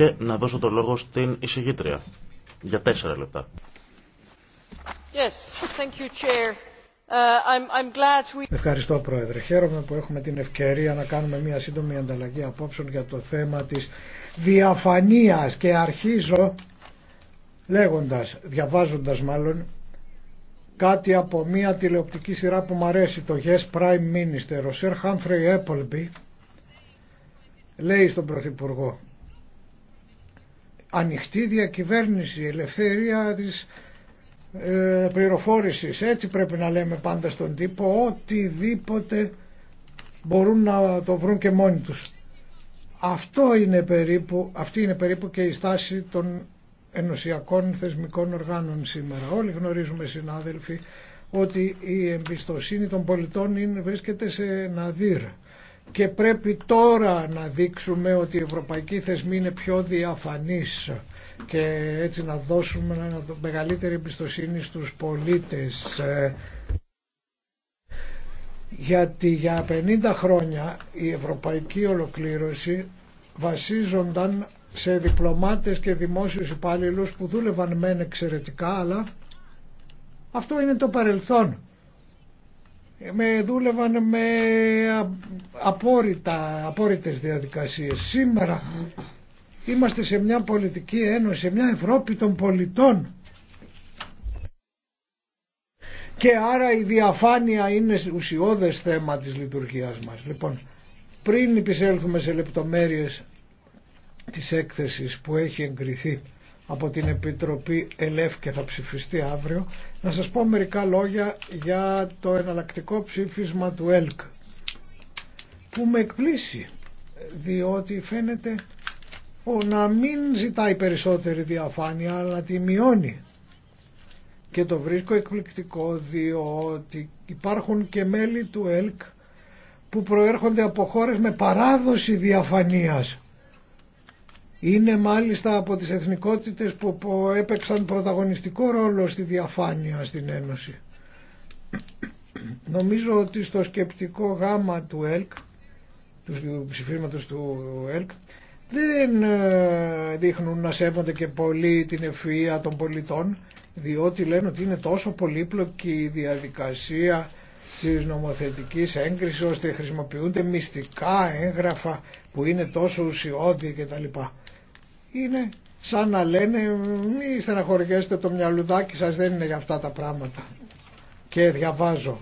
και να δώσω το λόγο στην εισηγήτρια για τέσσερα λεπτά. Yes, thank you, Chair. Uh, I'm, I'm glad we... Ευχαριστώ Πρόεδρε. Χαίρομαι που έχουμε την ευκαιρία να κάνουμε μια σύντομη ανταλλαγή απόψεων για το θέμα της διαφανείας και αρχίζω λέγοντας, διαβάζοντας μάλλον κάτι από μια τηλεοπτική σειρά που μου αρέσει το Yes Prime Minister ο Sir Humphrey Appleby λέει στον Πρωθυπουργό ανοιχτή διακυβέρνηση, ελευθερία της ε, Έτσι πρέπει να λέμε πάντα στον τύπο, οτιδήποτε μπορούν να το βρουν και μόνοι τους. Αυτό είναι περίπου, αυτή είναι περίπου και η στάση των ενωσιακών θεσμικών οργάνων σήμερα. Όλοι γνωρίζουμε συνάδελφοι ότι η εμπιστοσύνη των πολιτών είναι, βρίσκεται σε ναδύρα και πρέπει τώρα να δείξουμε ότι η ευρωπαϊκή θεσμοί είναι πιο διαφανής και έτσι να δώσουμε μεγαλύτερη εμπιστοσύνη στους πολίτες. Γιατί για 50 χρόνια η ευρωπαϊκή ολοκλήρωση βασίζονταν σε διπλωμάτες και δημόσιους υπάλληλους που δούλευαν μεν εξαιρετικά αλλά αυτό είναι το παρελθόν με δούλευαν με απόρριτα, απόρριτες διαδικασίες. Σήμερα είμαστε σε μια πολιτική ένωση, σε μια Ευρώπη των πολιτών και άρα η διαφάνεια είναι ουσιώδες θέμα της λειτουργίας μας. Λοιπόν, πριν επισέλθουμε σε λεπτομέρειες της έκθεσης που έχει εγκριθεί από την Επιτροπή ΕΛΕΦ και θα ψηφιστεί αύριο, να σας πω μερικά λόγια για το εναλλακτικό ψήφισμα του ΕΛΚ που με εκπλήσει διότι φαίνεται ο, να μην ζητάει περισσότερη διαφάνεια αλλά τη μειώνει και το βρίσκω εκπληκτικό διότι υπάρχουν και μέλη του ΕΛΚ που προέρχονται από χώρες με παράδοση διαφανείας είναι μάλιστα από τις εθνικότητες που έπαιξαν πρωταγωνιστικό ρόλο στη διαφάνεια στην Ένωση. Νομίζω ότι στο σκεπτικό γάμα του ΕΛΚ, του ψηφίσματος του ΕΛΚ, δεν ε, δείχνουν να σέβονται και πολύ την ευφυΐα των πολιτών, διότι λένε ότι είναι τόσο πολύπλοκη η διαδικασία της νομοθετικής έγκρισης ώστε χρησιμοποιούνται μυστικά έγγραφα που είναι τόσο ουσιώδη κτλ είναι σαν να λένε μη στεναχωριέστε το μυαλουδάκι σας δεν είναι για αυτά τα πράγματα και διαβάζω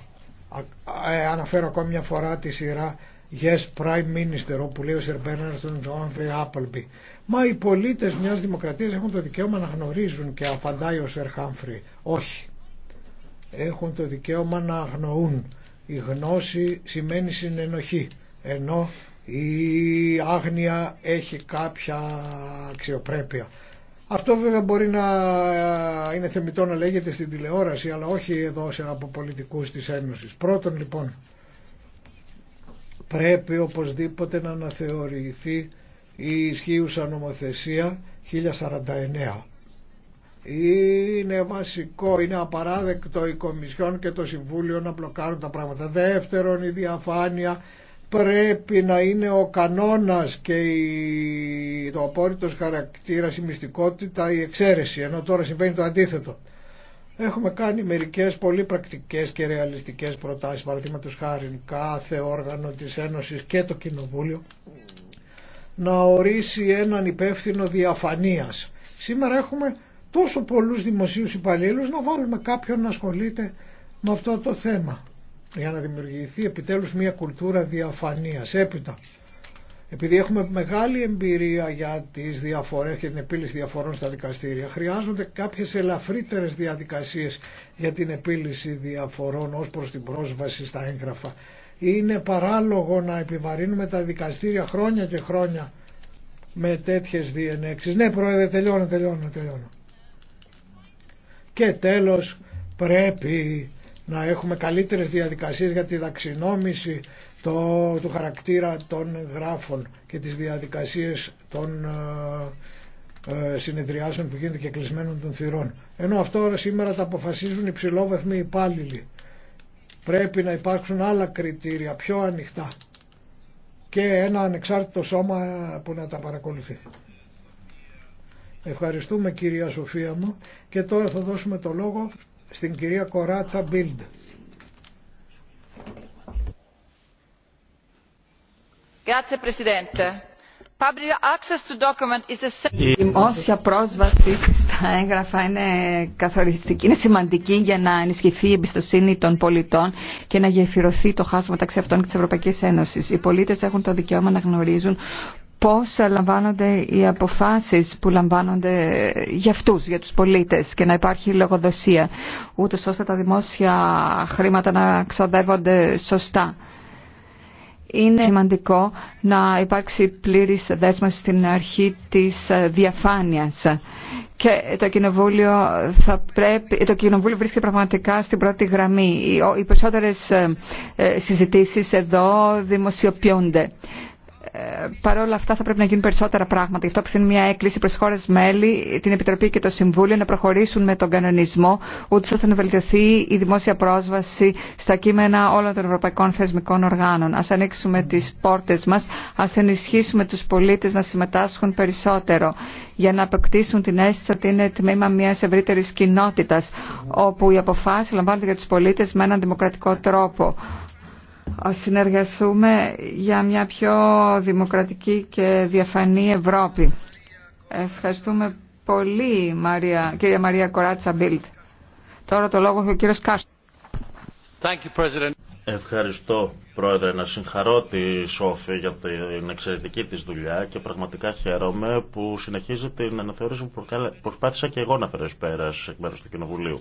ε, αναφέρω ακόμη μια φορά τη σειρά Yes Prime Minister όπου λέει ο Σερ στον Τζον Appleby μα οι πολίτες μιας δημοκρατίας έχουν το δικαίωμα να γνωρίζουν και απαντάει ο Σερ Χάμφρι όχι έχουν το δικαίωμα να αγνοούν η γνώση σημαίνει συνενοχή ενώ η άγνοια έχει κάποια αξιοπρέπεια. Αυτό βέβαια μπορεί να ε, είναι θεμητό να λέγεται στην τηλεόραση αλλά όχι εδώ σε από πολιτικούς της Ένωσης. Πρώτον λοιπόν πρέπει οπωσδήποτε να αναθεωρηθεί η ισχύουσα νομοθεσία 1049. Είναι βασικό, είναι απαράδεκτο η Κομισιόν και το Συμβούλιο να μπλοκάρουν τα πράγματα. Δεύτερον η διαφάνεια πρέπει να είναι ο κανόνας και το απόρριτος χαρακτήρας, η μυστικότητα, η εξαίρεση, ενώ τώρα συμβαίνει το αντίθετο. Έχουμε κάνει μερικές πολύ πρακτικές και ρεαλιστικές προτάσεις, παραδείγματος χάρη κάθε όργανο της Ένωσης και το Κοινοβούλιο, να ορίσει έναν υπεύθυνο διαφανείας. Σήμερα έχουμε τόσο πολλούς δημοσίους υπαλλήλους να βάλουμε κάποιον να ασχολείται με αυτό το θέμα για να δημιουργηθεί επιτέλους μια κουλτούρα διαφανείας. Έπειτα, επειδή έχουμε μεγάλη εμπειρία για τις διαφορές και την επίλυση διαφορών στα δικαστήρια, χρειάζονται κάποιες ελαφρύτερες διαδικασίες για την επίλυση διαφορών ως προς την πρόσβαση στα έγγραφα. Είναι παράλογο να επιβαρύνουμε τα δικαστήρια χρόνια και χρόνια με τέτοιες διενέξεις. Ναι, πρόεδρε, τελειώνω, τελειώνω, τελειώνω. Και τέλος, πρέπει να έχουμε καλύτερες διαδικασίες για τη δαξινόμηση το, του χαρακτήρα των γράφων και τις διαδικασίες των ε, ε, συνεδριάσεων που γίνεται και κλεισμένων των θυρών. Ενώ αυτό σήμερα τα αποφασίζουν οι ψηλόβεθμοι υπάλληλοι. Πρέπει να υπάρξουν άλλα κριτήρια, πιο ανοιχτά και ένα ανεξάρτητο σώμα που να τα παρακολουθεί. Ευχαριστούμε κυρία Σοφία μου και τώρα θα δώσουμε το λόγο στην κυρία Κοράτσα Μπίλντ. Η δημόσια πρόσβαση στα έγγραφα είναι καθοριστική, είναι σημαντική για να ενισχυθεί η εμπιστοσύνη των πολιτών και να γεφυρωθεί το χάσμα μεταξύ αυτών και τη Ευρωπαϊκή Ένωση. Οι πολίτε έχουν το δικαίωμα να γνωρίζουν πώς λαμβάνονται οι αποφάσεις που λαμβάνονται για αυτούς, για τους πολίτες και να υπάρχει λογοδοσία, ούτως ώστε τα δημόσια χρήματα να ξοδεύονται σωστά. Είναι σημαντικό να υπάρξει πλήρης δέσμευση στην αρχή της διαφάνειας και το κοινοβούλιο, θα πρέπει, το κοινοβούλιο βρίσκεται πραγματικά στην πρώτη γραμμή. Οι περισσότερες ε, ε, συζητήσεις εδώ δημοσιοποιούνται. Ε, Παρ' όλα αυτά θα πρέπει να γίνουν περισσότερα πράγματα. Γι' αυτό που απευθύνει μια έκκληση προ χώρε μέλη, την Επιτροπή και το Συμβούλιο να προχωρήσουν με τον κανονισμό, ούτως ώστε να βελτιωθεί η δημόσια πρόσβαση στα κείμενα όλων των ευρωπαϊκών θεσμικών οργάνων. Α ανοίξουμε τι πόρτε μα, α ενισχύσουμε του πολίτε να συμμετάσχουν περισσότερο για να αποκτήσουν την αίσθηση ότι είναι τμήμα μια ευρύτερη κοινότητα, όπου οι αποφάσει λαμβάνονται για του πολίτε με έναν δημοκρατικό τρόπο συνεργαστούμε για μια πιο δημοκρατική και διαφανή Ευρώπη. Ευχαριστούμε πολύ, Μαρία, κυρία Μαρία Κοράτσα Μπίλτ. Τώρα το λόγο έχει ο κύριος Κάστρο. Ευχαριστώ, Πρόεδρε, να συγχαρώ τη Σόφη για την εξαιρετική της δουλειά και πραγματικά χαίρομαι που συνεχίζει την αναθεώρηση που προσπάθησα και εγώ να φέρω πέρα εκ μέρους του Κοινοβουλίου.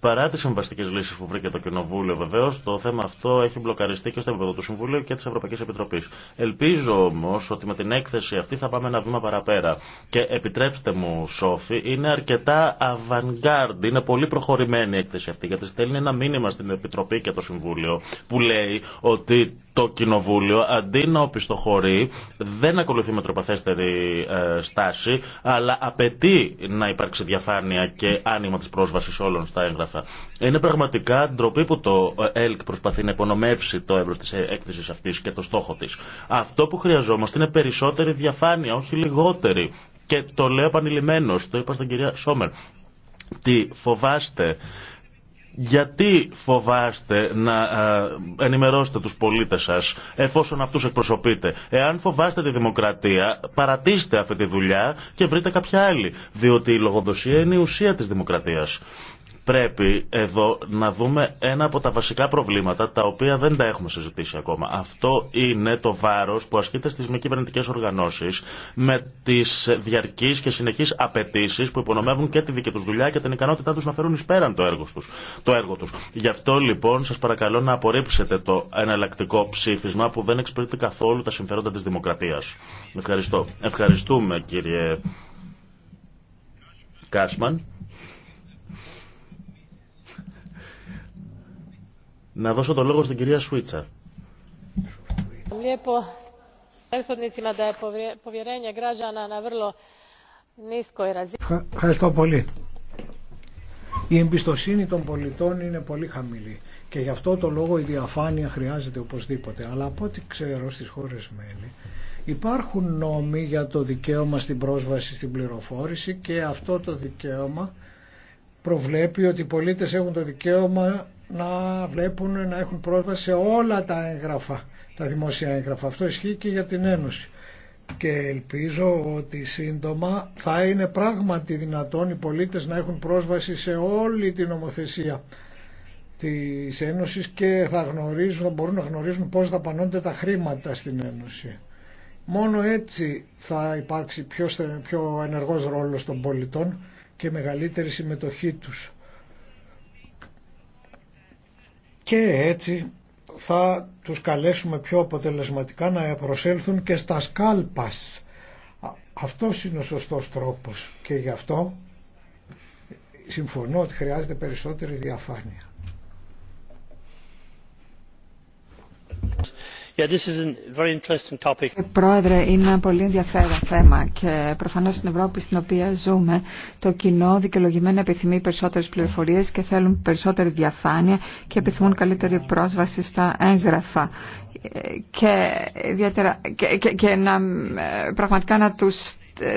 Παρά τις συμβαστικές λύσεις που βρήκε το Κοινοβούλιο βεβαίως, το θέμα αυτό έχει μπλοκαριστεί και στο επίπεδο του Συμβουλίου και της Ευρωπαϊκής Επιτροπής. Ελπίζω όμως ότι με την έκθεση αυτή θα πάμε ένα βήμα παραπέρα. Και επιτρέψτε μου Σόφη, είναι αρκετά avant-garde, είναι πολύ προχωρημένη η έκθεση αυτή γιατί στέλνει ένα μήνυμα στην Επιτροπή και το Συμβούλιο που λέει ότι το Κοινοβούλιο αντί να οπισθοχωρεί δεν ακολουθεί τροπαθέστερη ε, στάση αλλά απαιτεί να υπάρξει διαφάνεια και άνοιγμα της πρόσβασης όλων στα έγγραφα. Είναι πραγματικά ντροπή που το ε, ΕΛΚ προσπαθεί να υπονομεύσει το έυρος της ε, έκθεσης αυτής και το στόχο της. Αυτό που χρειαζόμαστε είναι περισσότερη διαφάνεια, όχι λιγότερη. Και το λέω επανειλημμένος, το είπα στην κυρία Σόμερ. Τι φοβάστε γιατί φοβάστε να ε, ενημερώσετε τους πολίτες σας εφόσον αυτούς εκπροσωπείτε. Εάν φοβάστε τη δημοκρατία παρατήστε αυτή τη δουλειά και βρείτε κάποια άλλη. Διότι η λογοδοσία είναι η ουσία της δημοκρατίας πρέπει εδώ να δούμε ένα από τα βασικά προβλήματα τα οποία δεν τα έχουμε συζητήσει ακόμα. Αυτό είναι το βάρος που ασκείται στις μη κυβερνητικέ οργανώσεις με τις διαρκείς και συνεχείς απαιτήσει που υπονομεύουν και τη δική τους δουλειά και την ικανότητά τους να φέρουν εις πέραν το έργο τους. Το Γι' αυτό λοιπόν σας παρακαλώ να απορρίψετε το εναλλακτικό ψήφισμα που δεν εξυπηρετεί καθόλου τα συμφέροντα της δημοκρατίας. Ευχαριστώ. Ευχαριστούμε κύριε Κάσμαν. Να δώσω το λόγο στην κυρία Σουίτσα. Ευχαριστώ πολύ. Η εμπιστοσύνη των πολιτών είναι πολύ χαμηλή και γι' αυτό το λόγο η διαφάνεια χρειάζεται οπωσδήποτε. Αλλά από ό,τι ξέρω στις χώρες μέλη υπάρχουν νόμοι για το δικαίωμα στην πρόσβαση στην πληροφόρηση και αυτό το δικαίωμα προβλέπει ότι οι πολίτες έχουν το δικαίωμα να βλέπουν, να έχουν πρόσβαση σε όλα τα έγγραφα, τα δημόσια έγγραφα. Αυτό ισχύει και για την Ένωση. Και ελπίζω ότι σύντομα θα είναι πράγματι δυνατόν οι πολίτες να έχουν πρόσβαση σε όλη την νομοθεσία της Ένωσης και θα, γνωρίζουν, θα μπορούν να γνωρίζουν πώς θα πανώνται τα χρήματα στην Ένωση. Μόνο έτσι θα υπάρξει πιο, πιο ενεργός ρόλος των πολιτών και μεγαλύτερη συμμετοχή τους. Και έτσι θα τους καλέσουμε πιο αποτελεσματικά να προσέλθουν και στα σκάλπας. Αυτό είναι ο σωστός τρόπος και γι' αυτό συμφωνώ ότι χρειάζεται περισσότερη διαφάνεια. Ε, πρόεδρε, είναι ένα πολύ ενδιαφέρον θέμα και προφανώς στην Ευρώπη στην οποία ζούμε το κοινό δικαιολογημένα επιθυμεί περισσότερες πληροφορίες και θέλουν περισσότερη διαφάνεια και επιθυμούν καλύτερη πρόσβαση στα έγγραφα ε, και, ιδιαίτερα, και, να, ε, πραγματικά να τους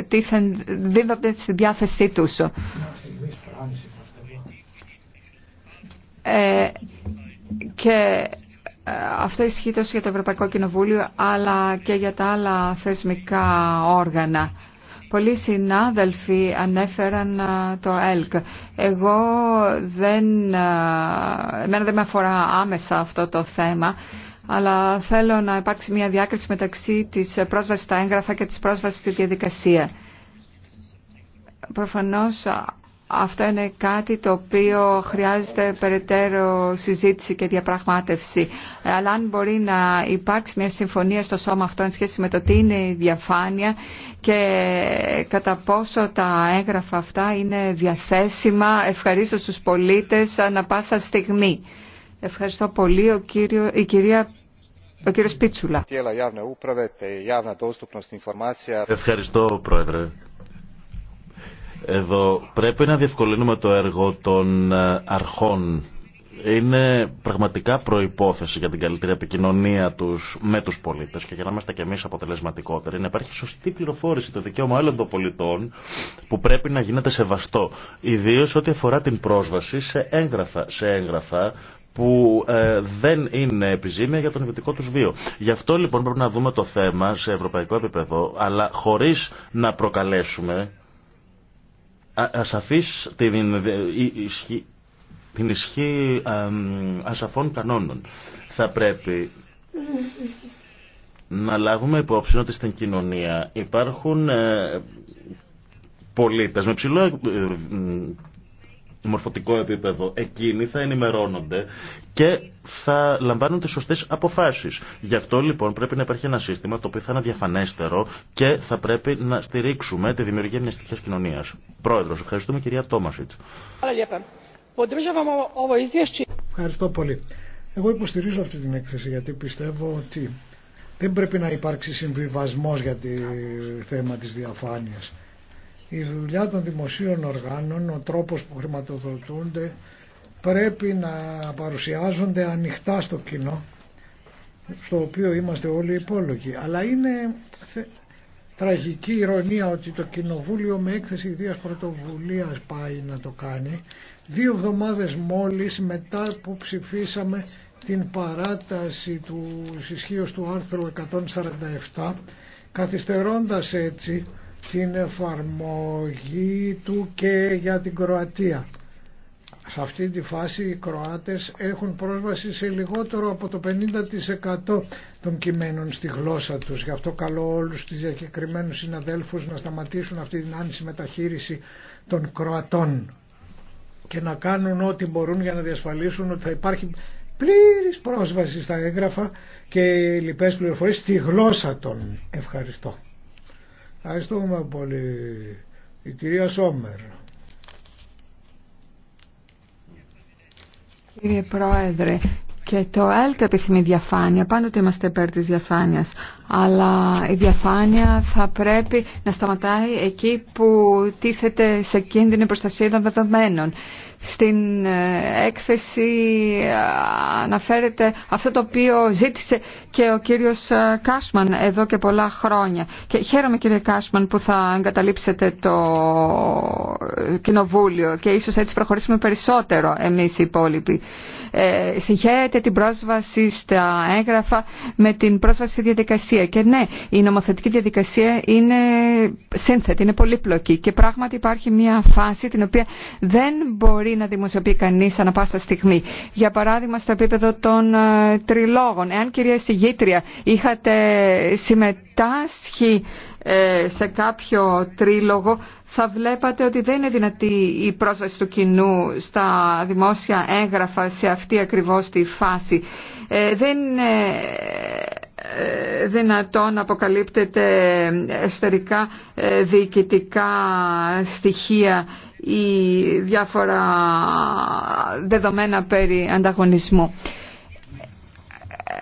τίθεν, δίδονται στη διάθεσή τους. Ε, και αυτό ισχύει τόσο για το Ευρωπαϊκό Κοινοβούλιο αλλά και για τα άλλα θεσμικά όργανα. Πολλοί συνάδελφοι ανέφεραν το ΕΛΚ. Εγώ δεν, εμένα δεν με αφορά άμεσα αυτό το θέμα, αλλά θέλω να υπάρξει μια διάκριση μεταξύ της πρόσβασης στα έγγραφα και της πρόσβασης στη διαδικασία. Προφανώς αυτό είναι κάτι το οποίο χρειάζεται περαιτέρω συζήτηση και διαπραγμάτευση. Αλλά αν μπορεί να υπάρξει μια συμφωνία στο σώμα αυτό εν σχέση με το τι είναι η διαφάνεια και κατά πόσο τα έγγραφα αυτά είναι διαθέσιμα ευχαρίστω στους πολίτες ανα πάσα στιγμή. Ευχαριστώ πολύ ο κύριο, η κυρία ο κύριος Πίτσουλα. Ευχαριστώ, Πρόεδρε εδώ πρέπει να διευκολύνουμε το έργο των ε, αρχών. Είναι πραγματικά προϋπόθεση για την καλύτερη επικοινωνία τους με τους πολίτες και για να είμαστε και εμείς αποτελεσματικότεροι. Να υπάρχει σωστή πληροφόρηση το δικαίωμα όλων των πολιτών που πρέπει να γίνεται σεβαστό. Ιδίως ό,τι αφορά την πρόσβαση σε έγγραφα, σε έγγραφα που ε, δεν είναι επιζήμια για τον ιδιωτικό τους βίο. Γι' αυτό λοιπόν πρέπει να δούμε το θέμα σε ευρωπαϊκό επίπεδο, αλλά χωρίς να προκαλέσουμε ασαφής την, ισχύ, την ισχύ ασαφών κανόνων. Θα πρέπει να λάβουμε υπόψη ότι στην κοινωνία υπάρχουν ε, πολίτες με ψηλό ε, μορφωτικό επίπεδο, εκείνοι θα ενημερώνονται και θα λαμβάνουν τι σωστέ αποφάσει. Γι' αυτό λοιπόν πρέπει να υπάρχει ένα σύστημα το οποίο θα είναι διαφανέστερο και θα πρέπει να στηρίξουμε τη δημιουργία μια τέτοια κοινωνία. Πρόεδρο, ευχαριστούμε κυρία Τόμασιτ. Ευχαριστώ πολύ. Εγώ υποστηρίζω αυτή την έκθεση γιατί πιστεύω ότι δεν πρέπει να υπάρξει συμβιβασμός για το θέμα της διαφάνειας. Η δουλειά των δημοσίων οργάνων, ο τρόπος που χρηματοδοτούνται, πρέπει να παρουσιάζονται ανοιχτά στο κοινό, στο οποίο είμαστε όλοι υπόλογοι. Αλλά είναι τραγική ηρωνία ότι το Κοινοβούλιο με έκθεση ιδίας πρωτοβουλίας πάει να το κάνει, δύο εβδομάδες μόλις μετά που ψηφίσαμε την παράταση του ισχύω του άρθρου 147, καθυστερώντας έτσι την εφαρμογή του και για την Κροατία. Σε αυτή τη φάση οι Κροάτες έχουν πρόσβαση σε λιγότερο από το 50% των κειμένων στη γλώσσα τους. Γι' αυτό καλώ όλους τους διακεκριμένους συναδέλφους να σταματήσουν αυτή την άνηση μεταχείριση των Κροατών και να κάνουν ό,τι μπορούν για να διασφαλίσουν ότι θα υπάρχει πλήρης πρόσβαση στα έγγραφα και λοιπές πληροφορίες στη γλώσσα των. Ευχαριστώ. Ευχαριστούμε πολύ. Η κυρία Σόμερ. Κύριε Πρόεδρε, και το ΕΛΚ επιθυμεί διαφάνεια, πάντοτε είμαστε υπέρ της διαφάνεια, αλλά η διαφάνεια θα πρέπει να σταματάει εκεί που τίθεται σε κίνδυνο η προστασία των δεδομένων. Στην ε, έκθεση ε, αναφέρεται αυτό το οποίο ζήτησε και ο κύριος ε, Κάσμαν εδώ και πολλά χρόνια. Και χαίρομαι κύριε Κάσμαν που θα εγκαταλείψετε το κοινοβούλιο και ίσως έτσι προχωρήσουμε περισσότερο εμείς οι υπόλοιποι. Ε, συγχαίρεται την πρόσβαση στα έγγραφα με την πρόσβαση στη διαδικασία. Και ναι, η νομοθετική διαδικασία είναι σύνθετη, είναι πολύπλοκη και πράγματι υπάρχει μια φάση την οποία δεν μπορεί να δημοσιοποιεί κανεί ανα πάσα στιγμή. Για παράδειγμα στο επίπεδο των ε, τριλόγων. Εάν κυρία Συγήτρια είχατε συμμετάσχει ε, σε κάποιο τρίλογο θα βλέπατε ότι δεν είναι δυνατή η πρόσβαση του κοινού στα δημόσια έγγραφα σε αυτή ακριβώς τη φάση. Ε, δεν δυνατόν να αποκαλύπτεται εσωτερικά ε, διοικητικά στοιχεία ή διάφορα δεδομένα περί ανταγωνισμού.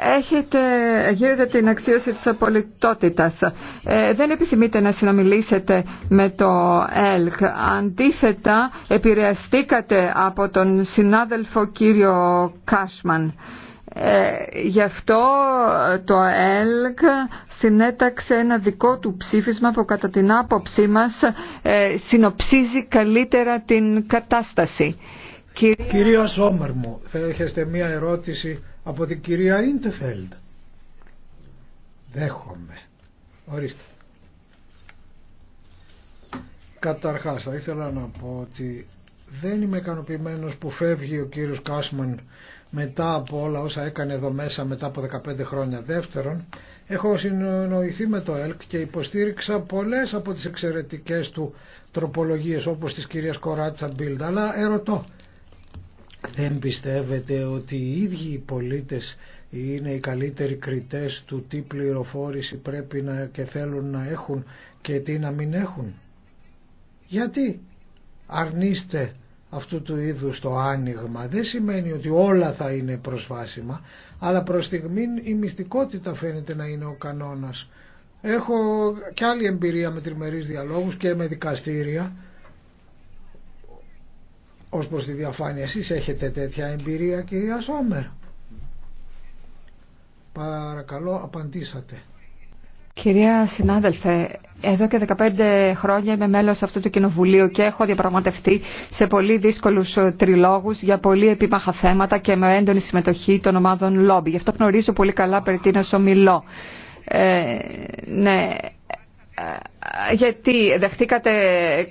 Έχετε, γύρετε την αξίωση της απολυτότητας. Ε, δεν επιθυμείτε να συνομιλήσετε με το ΕΛΚ. Αντίθετα, επηρεαστήκατε από τον συνάδελφο κύριο Κάσμαν. Ε, γι' αυτό ε, το ΕΛΚ συνέταξε ένα δικό του ψήφισμα που κατά την άποψή μας ε, συνοψίζει καλύτερα την κατάσταση. Κυρία, κυρία Σόμερ μου, θα έχετε μία ερώτηση από την κυρία Ιντεφέλντ. Δέχομαι. Ορίστε. Καταρχάς θα ήθελα να πω ότι δεν είμαι ικανοποιημένο που φεύγει ο κύριος Κάσμαν μετά από όλα όσα έκανε εδώ μέσα μετά από 15 χρόνια δεύτερον έχω συνοηθεί με το ΕΛΚ και υποστήριξα πολλές από τις εξαιρετικές του τροπολογίες όπως της κυρίας Κοράτσα Μπίλντα αλλά ερωτώ δεν πιστεύετε ότι οι ίδιοι οι πολίτες είναι οι καλύτεροι κριτές του τι πληροφόρηση πρέπει να και θέλουν να έχουν και τι να μην έχουν. Γιατί αρνείστε αυτού του είδους το άνοιγμα δεν σημαίνει ότι όλα θα είναι προσβάσιμα αλλά προς στιγμήν η μυστικότητα φαίνεται να είναι ο κανόνας. Έχω και άλλη εμπειρία με τριμερείς διαλόγους και με δικαστήρια ως προς τη διαφάνεια. Εσείς έχετε τέτοια εμπειρία κυρία Σόμερ. Παρακαλώ απαντήσατε. Κυρία συνάδελφε, εδώ και 15 χρόνια είμαι μέλος αυτού του κοινοβουλίου και έχω διαπραγματευτεί σε πολύ δύσκολους ε, τριλόγους για πολύ επίμαχα θέματα και με έντονη συμμετοχή των ομάδων λόμπι. Γι' αυτό γνωρίζω πολύ καλά περί την ομιλώ. Ε, ναι, γιατί δεχτήκατε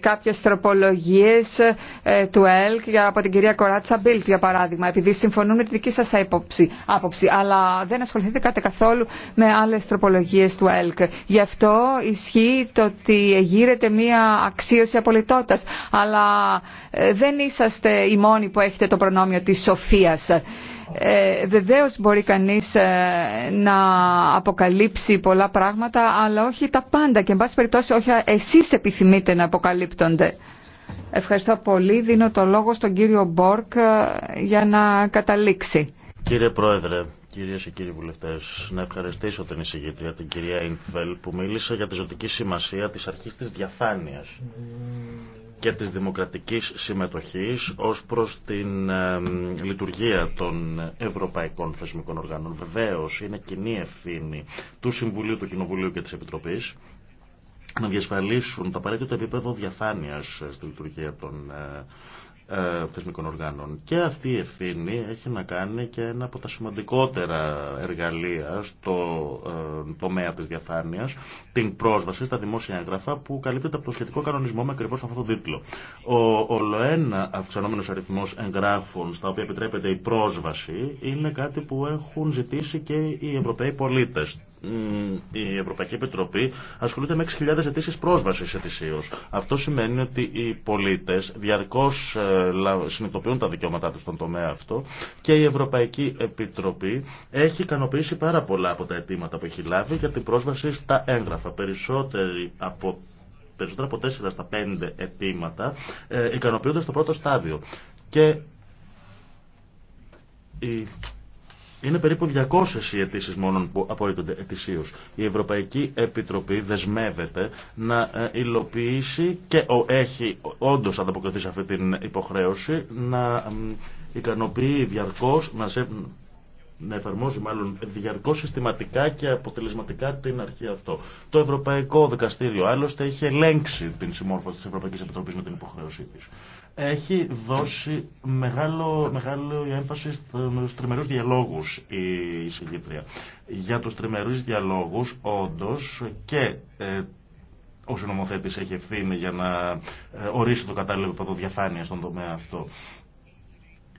κάποιες τροπολογίες ε, του ΕΛΚ από την κυρία Κοράτσα Μπίλτ για παράδειγμα επειδή συμφωνούν με τη δική σας άποψη, αλλά δεν ασχοληθήκατε καθόλου με άλλες τροπολογίες του ΕΛΚ γι' αυτό ισχύει το ότι γύρεται μια αξίωση απολυτότητας αλλά ε, δεν είσαστε οι μόνοι που έχετε το προνόμιο της σοφίας ε, βεβαίως μπορεί κανείς ε, να αποκαλύψει πολλά πράγματα, αλλά όχι τα πάντα και εν πάση περιπτώσει όχι εσείς επιθυμείτε να αποκαλύπτονται. Ευχαριστώ πολύ. Δίνω το λόγο στον κύριο Μπόρκ ε, για να καταλήξει. Κύριε Πρόεδρε, Κυρίες και κύριοι βουλευτές, να ευχαριστήσω την εισηγήτρια, την κυρία Ινθβέλ, που μίλησε για τη ζωτική σημασία της αρχής της διαφάνειας και της δημοκρατικής συμμετοχής ως προς την λειτουργία των ευρωπαϊκών θεσμικών οργάνων. Βεβαίως, είναι κοινή ευθύνη του Συμβουλίου, του Κοινοβουλίου και της Επιτροπής να διασφαλίσουν το απαραίτητο επίπεδο διαφάνειας στη λειτουργία των ε, ε, θεσμικών οργάνων. Και αυτή η ευθύνη έχει να κάνει και ένα από τα σημαντικότερα εργαλεία στο ε, τομέα της διαφάνειας, την πρόσβαση στα δημόσια έγγραφα που καλύπτεται από το σχετικό κανονισμό με ακριβώς αυτό το τίτλο. Ο ολοένα αυξανόμενος αριθμός εγγράφων στα οποία επιτρέπεται η πρόσβαση είναι κάτι που έχουν ζητήσει και οι Ευρωπαίοι πολίτες η Ευρωπαϊκή Επιτροπή ασχολείται με 6.000 αιτήσει πρόσβαση ετησίω. Αυτό σημαίνει ότι οι πολίτε διαρκώ ε, συνειδητοποιούν τα δικαιώματά του στον τομέα αυτό και η Ευρωπαϊκή Επιτροπή έχει ικανοποιήσει πάρα πολλά από τα αιτήματα που έχει λάβει για την πρόσβαση στα έγγραφα. Περισσότεροι από περισσότερα από 4 στα 5 αιτήματα ε, ικανοποιούνται στο πρώτο στάδιο. Και η είναι περίπου 200 οι αιτήσει μόνο που απορρίπτονται ετησίω. Η Ευρωπαϊκή Επιτροπή δεσμεύεται να ε, υλοποιήσει και έχει όντω ανταποκριθεί σε αυτή την υποχρέωση να ικανοποιεί διαρκώ, να, σε, να εφαρμόζει μάλλον διαρκώ συστηματικά και αποτελεσματικά την αρχή αυτό. Το Ευρωπαϊκό Δικαστήριο άλλωστε έχει ελέγξει την συμμόρφωση τη Ευρωπαϊκή Επιτροπή με την υποχρέωσή τη έχει δώσει μεγάλο, μεγάλο έμφαση στους τριμερούς διαλόγους η συγκύτρια. Για τους τριμερούς διαλόγους όντως και ε, ο συνομοθέτης έχει ευθύνη για να ε, ορίσει το κατάλληλο επίπεδο διαφάνεια στον τομέα αυτό.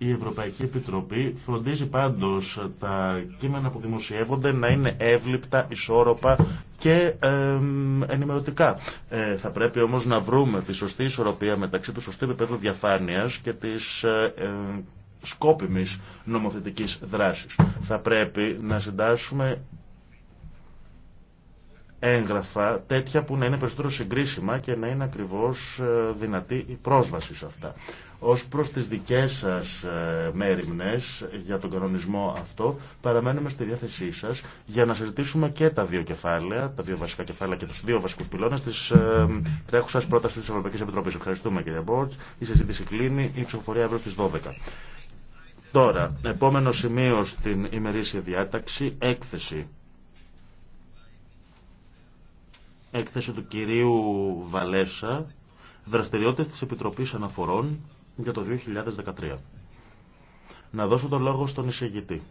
Η Ευρωπαϊκή Επιτροπή φροντίζει πάντως τα κείμενα που δημοσιεύονται να είναι εύληπτα, ισόρροπα και ενημερωτικά. Ε, θα πρέπει όμως να βρούμε τη σωστή ισορροπία μεταξύ του σωστού επίπεδου διαφάνειας και της ε, σκόπιμης νομοθετικής δράσης. Θα πρέπει να συντάσσουμε έγγραφα τέτοια που να είναι περισσότερο συγκρίσιμα και να είναι ακριβώς ε, δυνατή η πρόσβαση σε αυτά. Ως προς τις δικές σας ε, μέρημνες για τον κανονισμό αυτό παραμένουμε στη διάθεσή σας για να συζητήσουμε και τα δύο κεφάλαια, τα δύο βασικά κεφάλαια και τους δύο βασικούς πυλώνες της ε, τρέχουσας πρότασης της Ευρωπαϊκής Επιτροπής. Ευχαριστούμε κύριε Μπόρτς. Η συζήτηση κλείνει, η ψηφοφορία αύριο στις 12. Τώρα, επόμενο σημείο στην ημερήσια διάταξη, έκθεση έκθεση του κυρίου Βαλέσα, δραστηριότητες της Επιτροπής Αναφορών για το 2013. Να δώσω τον λόγο στον εισηγητή.